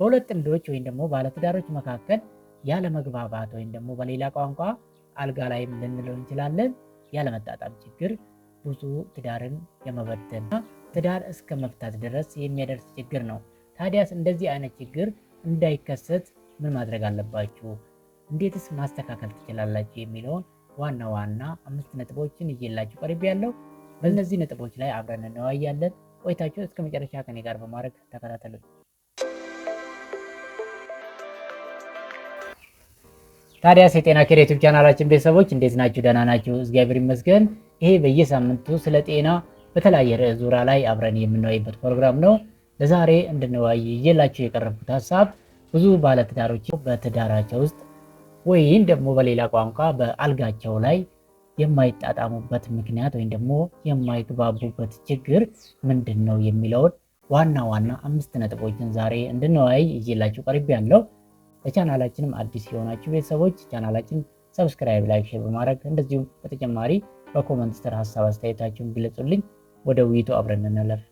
በሁለት ጥንዶች ወይም ደግሞ ባለትዳሮች መካከል ያለመግባባት ወይም ደግሞ በሌላ ቋንቋ አልጋ ላይም ልንለው እንችላለን ያለመጣጣም ችግር ብዙ ትዳርን የመበተንና ትዳር እስከ መፍታት ድረስ የሚያደርስ ችግር ነው። ታዲያስ እንደዚህ አይነት ችግር እንዳይከሰት ምን ማድረግ አለባችሁ? እንዴትስ ማስተካከል ትችላላችሁ? የሚለውን ዋና ዋና አምስት ነጥቦችን ይዤላችሁ ቀርብ ያለው በእነዚህ ነጥቦች ላይ አብረን እንወያያለን። ቆይታችሁ እስከ መጨረሻ ከኔ ጋር በማድረግ ተከታተሉኝ። ታዲያስ የጤና ኬር ዩቲዩብ ቻናላችን ቤተሰቦች እንዴት ናችሁ? ደህና ናችሁ? እግዚአብሔር ይመስገን። ይሄ በየሳምንቱ ስለ ጤና በተለያየ ርዕስ ዙሪያ ላይ አብረን የምንወያይበት ፕሮግራም ነው። ለዛሬ እንድንወያይ ይዤላችሁ የቀረብኩት ሀሳብ ብዙ ባለትዳሮች በትዳራቸው ውስጥ ወይም ደግሞ በሌላ ቋንቋ በአልጋቸው ላይ የማይጣጣሙበት ምክንያት ወይም ደግሞ የማይግባቡበት ችግር ምንድን ነው የሚለውን ዋና ዋና አምስት ነጥቦችን ዛሬ እንድንወያይ ይዤላችሁ ቀርቤያለሁ። ለቻናላችንም አዲስ የሆናችሁ ቤተሰቦች ቻናላችን ሰብስክራይብ፣ ላይክ፣ ሼር በማድረግ እንደዚሁም በተጨማሪ በኮመንት ስር ሀሳብ አስተያየታችሁን ግለጹልኝ። ወደ ውይይቱ አብረን እንለፍ።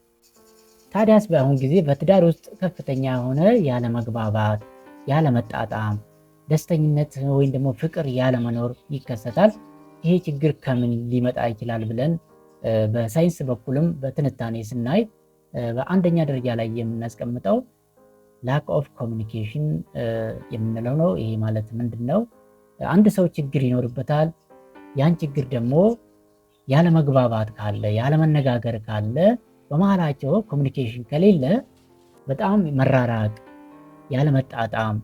ታዲያስ በአሁን ጊዜ በትዳር ውስጥ ከፍተኛ የሆነ ያለመግባባት፣ ያለመጣጣም፣ ደስተኝነት ወይም ደግሞ ፍቅር ያለመኖር ይከሰታል። ይሄ ችግር ከምን ሊመጣ ይችላል ብለን በሳይንስ በኩልም በትንታኔ ስናይ በአንደኛ ደረጃ ላይ የምናስቀምጠው ላክ ኦፍ ኮሚኒኬሽን የምንለው ነው። ይሄ ማለት ምንድን ነው? አንድ ሰው ችግር ይኖርበታል። ያን ችግር ደግሞ ያለመግባባት ካለ ያለመነጋገር ካለ በመሀላቸው ኮሚኒኬሽን ከሌለ በጣም መራራቅ፣ ያለመጣጣም፣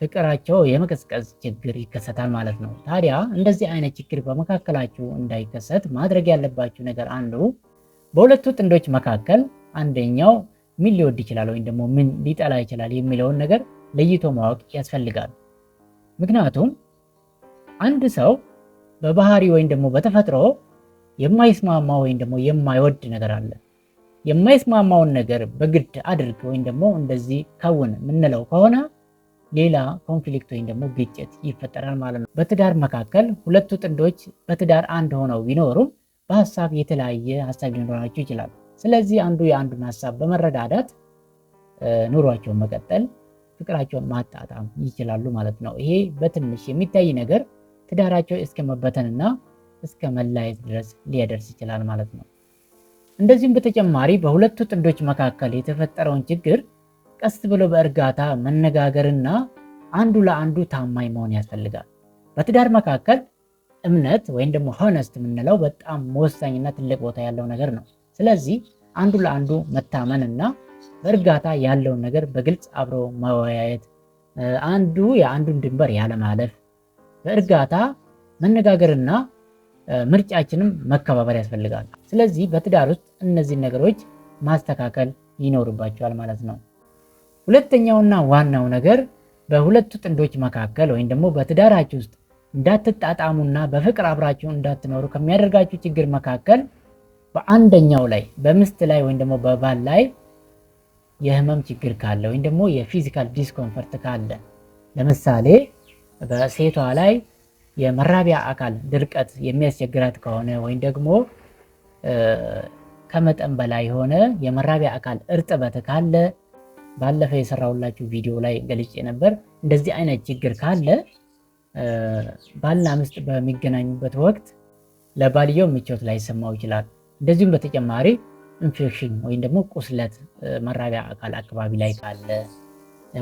ፍቅራቸው የመቀዝቀዝ ችግር ይከሰታል ማለት ነው። ታዲያ እንደዚህ አይነት ችግር በመካከላችሁ እንዳይከሰት ማድረግ ያለባችሁ ነገር አንዱ በሁለቱ ጥንዶች መካከል አንደኛው ምን ሊወድ ይችላል ወይም ደግሞ ምን ሊጠላ ይችላል የሚለውን ነገር ለይቶ ማወቅ ያስፈልጋል። ምክንያቱም አንድ ሰው በባህሪ ወይም ደግሞ በተፈጥሮ የማይስማማ ወይም ደግሞ የማይወድ ነገር አለ። የማይስማማውን ነገር በግድ አድርግ ወይም ደግሞ እንደዚህ ከውን የምንለው ከሆነ ሌላ ኮንፍሊክት ወይም ደግሞ ግጭት ይፈጠራል ማለት ነው። በትዳር መካከል ሁለቱ ጥንዶች በትዳር አንድ ሆነው ቢኖሩም በሀሳብ የተለያየ ሀሳብ ሊኖራቸው ይችላል። ስለዚህ አንዱ የአንዱን ሀሳብ በመረዳዳት ኑሯቸውን መቀጠል፣ ፍቅራቸውን ማጣጣም ይችላሉ ማለት ነው። ይሄ በትንሽ የሚታይ ነገር ትዳራቸው እስከ መበተንና እስከ መላየት ድረስ ሊያደርስ ይችላል ማለት ነው። እንደዚሁም በተጨማሪ በሁለቱ ጥንዶች መካከል የተፈጠረውን ችግር ቀስ ብሎ በእርጋታ መነጋገርና አንዱ ለአንዱ ታማኝ መሆን ያስፈልጋል። በትዳር መካከል እምነት ወይም ደግሞ ሆነስት የምንለው በጣም ወሳኝና ትልቅ ቦታ ያለው ነገር ነው። ስለዚህ አንዱ ለአንዱ መታመን እና በእርጋታ ያለውን ነገር በግልጽ አብሮ መወያየት፣ አንዱ የአንዱን ድንበር ያለማለፍ፣ በእርጋታ መነጋገርና ምርጫችንም መከባበር ያስፈልጋል። ስለዚህ በትዳር ውስጥ እነዚህን ነገሮች ማስተካከል ይኖርባቸዋል ማለት ነው። ሁለተኛውና ዋናው ነገር በሁለቱ ጥንዶች መካከል ወይም ደግሞ በትዳራችሁ ውስጥ እንዳትጣጣሙና በፍቅር አብራችሁ እንዳትኖሩ ከሚያደርጋችሁ ችግር መካከል በአንደኛው ላይ በምስት ላይ ወይም ደግሞ በባል ላይ የህመም ችግር ካለ ወይም ደግሞ የፊዚካል ዲስኮንፈርት ካለ ለምሳሌ በሴቷ ላይ የመራቢያ አካል ድርቀት የሚያስቸግራት ከሆነ ወይም ደግሞ ከመጠን በላይ የሆነ የመራቢያ አካል እርጥበት ካለ ባለፈ የሰራሁላችሁ ቪዲዮ ላይ ገልጬ ነበር። እንደዚህ አይነት ችግር ካለ ባልና ምስጥ በሚገናኙበት ወቅት ለባልየው ምቾት ላይ ይሰማው ይችላል። እንደዚሁም በተጨማሪ ኢንፌክሽን ወይም ደግሞ ቁስለት መራቢያ አካል አካባቢ ላይ ካለ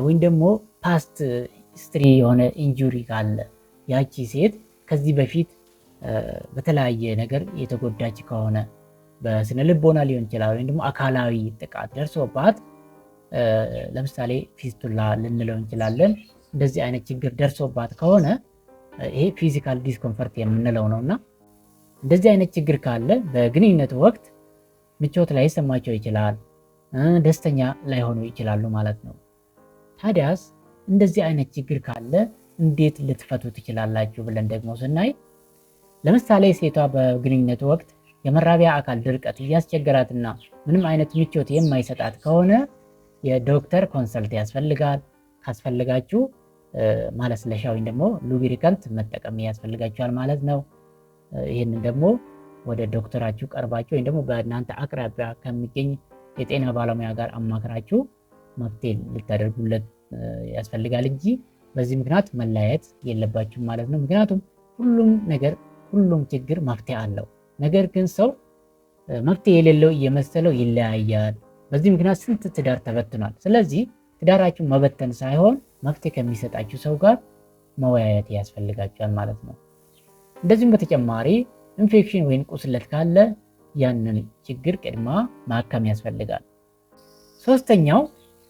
ወይም ደግሞ ፓስት ስትሪ የሆነ ኢንጁሪ ካለ ያቺ ሴት ከዚህ በፊት በተለያየ ነገር የተጎዳች ከሆነ በስነ ልቦና ሊሆን ይችላል፣ ወይም ደግሞ አካላዊ ጥቃት ደርሶባት ለምሳሌ ፊስቱላ ልንለው እንችላለን። እንደዚህ አይነት ችግር ደርሶባት ከሆነ ይሄ ፊዚካል ዲስኮምፈርት የምንለው ነው እና እንደዚህ አይነት ችግር ካለ በግንኙነት ወቅት ምቾት ላይ ሰማቸው ይችላል፣ ደስተኛ ላይሆኑ ይችላሉ ማለት ነው። ታዲያስ እንደዚህ አይነት ችግር ካለ እንዴት ልትፈቱ ትችላላችሁ ብለን ደግሞ ስናይ ለምሳሌ ሴቷ በግንኙነት ወቅት የመራቢያ አካል ድርቀት እያስቸገራትና ምንም አይነት ምቾት የማይሰጣት ከሆነ የዶክተር ኮንሰልት ያስፈልጋል። ካስፈልጋችሁ ማለስለሻ ወይም ደግሞ ሉብሪካንት መጠቀም ያስፈልጋችኋል ማለት ነው። ይህንን ደግሞ ወደ ዶክተራችሁ ቀርባችሁ ወይም ደግሞ በእናንተ አቅራቢያ ከሚገኝ የጤና ባለሙያ ጋር አማክራችሁ መፍትሄ ልታደርጉለት ያስፈልጋል እንጂ በዚህ ምክንያት መለያየት የለባችሁም ማለት ነው። ምክንያቱም ሁሉም ነገር ሁሉም ችግር መፍትሄ አለው። ነገር ግን ሰው መፍትሄ የሌለው እየመሰለው ይለያያል። በዚህ ምክንያት ስንት ትዳር ተበትኗል። ስለዚህ ትዳራችሁ መበተን ሳይሆን መፍትሄ ከሚሰጣችሁ ሰው ጋር መወያየት ያስፈልጋችኋል ማለት ነው። እንደዚሁም በተጨማሪ ኢንፌክሽን ወይም ቁስለት ካለ ያንን ችግር ቅድማ ማከም ያስፈልጋል። ሶስተኛው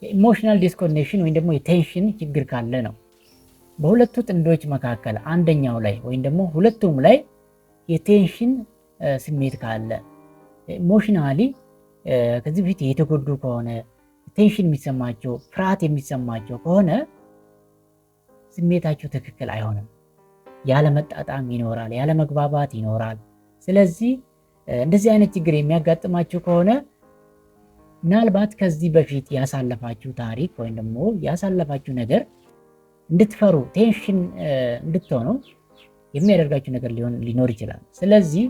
የኢሞሽናል ዲስኮኔክሽን ወይም ደግሞ የቴንሽን ችግር ካለ ነው። በሁለቱ ጥንዶች መካከል አንደኛው ላይ ወይም ደግሞ ሁለቱም ላይ የቴንሽን ስሜት ካለ ኢሞሽናሊ ከዚህ በፊት የተጎዱ ከሆነ ቴንሽን የሚሰማቸው ፍርሃት የሚሰማቸው ከሆነ ስሜታቸው ትክክል አይሆንም። ያለመጣጣም ይኖራል፣ ያለመግባባት ይኖራል። ስለዚህ እንደዚህ አይነት ችግር የሚያጋጥማችሁ ከሆነ ምናልባት ከዚህ በፊት ያሳለፋችሁ ታሪክ ወይም ደግሞ ያሳለፋችሁ ነገር እንድትፈሩ ቴንሽን እንድትሆኑ የሚያደርጋችሁ ነገር ሊኖር ይችላል። ስለዚህ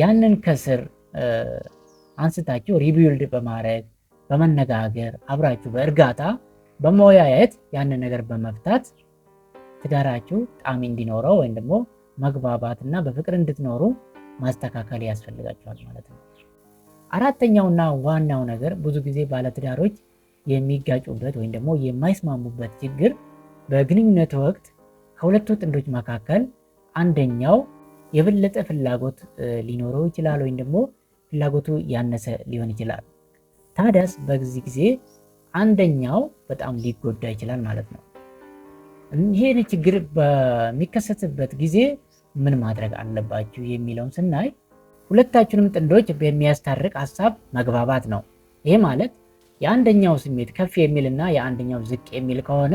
ያንን ከስር አንስታችሁ ሪቢውልድ በማድረግ በመነጋገር አብራችሁ በእርጋታ በመወያየት ያንን ነገር በመፍታት ትዳራችሁ ጣዕም እንዲኖረው ወይም ደግሞ መግባባት እና በፍቅር እንድትኖሩ ማስተካከል ያስፈልጋቸዋል ማለት ነው። አራተኛውና ዋናው ነገር ብዙ ጊዜ ባለትዳሮች የሚጋጩበት ወይም ደግሞ የማይስማሙበት ችግር በግንኙነት ወቅት ከሁለቱ ጥንዶች መካከል አንደኛው የበለጠ ፍላጎት ሊኖረው ይችላል ወይም ደግሞ ፍላጎቱ ያነሰ ሊሆን ይችላል። ታዲያስ በዚህ ጊዜ አንደኛው በጣም ሊጎዳ ይችላል ማለት ነው። ይህን ችግር በሚከሰትበት ጊዜ ምን ማድረግ አለባችሁ የሚለውን ስናይ ሁለታችንም ጥንዶች በሚያስታርቅ ሀሳብ መግባባት ነው። ይህ ማለት የአንደኛው ስሜት ከፍ የሚልና የአንደኛው ዝቅ የሚል ከሆነ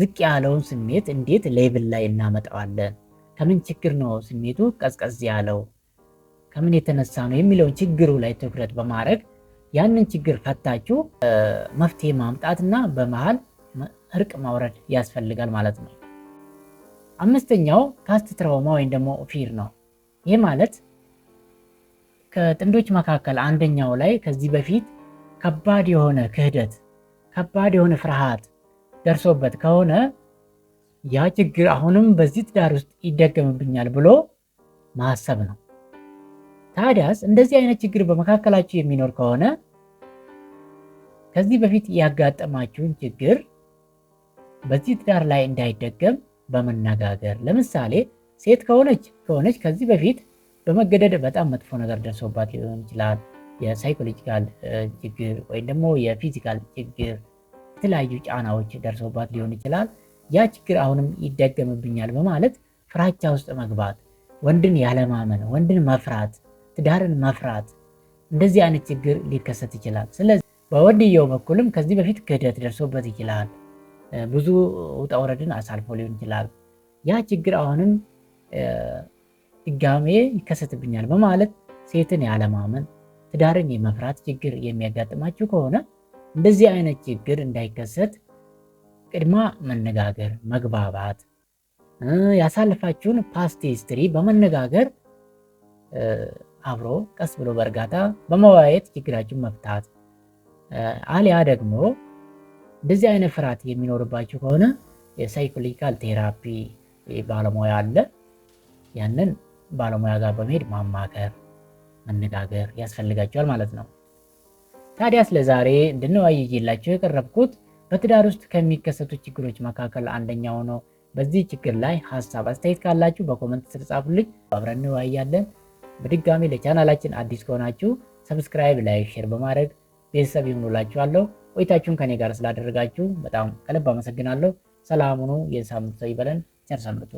ዝቅ ያለውን ስሜት እንዴት ሌብል ላይ እናመጣዋለን? ከምን ችግር ነው ስሜቱ ቀዝቀዝ ያለው ከምን የተነሳ ነው የሚለውን ችግሩ ላይ ትኩረት በማድረግ ያንን ችግር ፈታችሁ መፍትሄ ማምጣትና በመሃል እርቅ ማውረድ ያስፈልጋል ማለት ነው። አምስተኛው ካስት ትራውማ ወይም ደግሞ ፊር ነው። ይህ ማለት ከጥንዶች መካከል አንደኛው ላይ ከዚህ በፊት ከባድ የሆነ ክህደት፣ ከባድ የሆነ ፍርሃት ደርሶበት ከሆነ ያ ችግር አሁንም በዚህ ትዳር ውስጥ ይደገምብኛል ብሎ ማሰብ ነው። ታዲያስ እንደዚህ አይነት ችግር በመካከላችሁ የሚኖር ከሆነ ከዚህ በፊት ያጋጠማችሁን ችግር በዚህ ትዳር ላይ እንዳይደገም በመነጋገር ለምሳሌ ሴት ከሆነች ከሆነች ከዚህ በፊት በመገደድ በጣም መጥፎ ነገር ደርሶባት ሊሆን ይችላል። የሳይኮሎጂካል ችግር ወይም ደግሞ የፊዚካል ችግር፣ የተለያዩ ጫናዎች ደርሶባት ሊሆን ይችላል። ያ ችግር አሁንም ይደገምብኛል በማለት ፍራቻ ውስጥ መግባት፣ ወንድን ያለማመን፣ ወንድን መፍራት፣ ትዳርን መፍራት፣ እንደዚህ አይነት ችግር ሊከሰት ይችላል። ስለዚህ በወንድየው በኩልም ከዚህ በፊት ክህደት ደርሶበት ይችላል። ብዙ ውጣ ውረድን አሳልፎ ሊሆን ይችላል። ያ ችግር አሁንም ድጋሜ ይከሰትብኛል በማለት ሴትን ያለማመን፣ ትዳርን የመፍራት ችግር የሚያጋጥማችሁ ከሆነ እንደዚህ አይነት ችግር እንዳይከሰት ቅድማ መነጋገር፣ መግባባት ያሳልፋችሁን ፓስት ሂስትሪ በመነጋገር አብሮ ቀስ ብሎ በእርጋታ በመወያየት ችግራችሁን መፍታት አሊያ ደግሞ እንደዚህ አይነት ፍርሃት የሚኖርባቸው ከሆነ የሳይኮሎጂካል ቴራፒ ባለሙያ አለ። ያንን ባለሙያ ጋር በመሄድ ማማከር፣ መነጋገር ያስፈልጋቸዋል ማለት ነው። ታዲያ ስለዛሬ እንድንወያይላቸው የቀረብኩት በትዳር ውስጥ ከሚከሰቱ ችግሮች መካከል አንደኛው ነው። በዚህ ችግር ላይ ሀሳብ አስተያየት ካላችሁ በኮመንት ስር ጻፉልኝ፣ አብረን እንወያያለን። በድጋሚ ለቻናላችን አዲስ ከሆናችሁ ሰብስክራይብ፣ ላይክ፣ ሼር በማድረግ ቤተሰብ ይሁኑላችኋለሁ። ቆይታችሁን ከኔ ጋር ስላደረጋችሁ በጣም ከልብ አመሰግናለሁ። ሰላም ሁኑ። የሳምንቱ ሰው ይበለን። ቸር ሰንብቱ።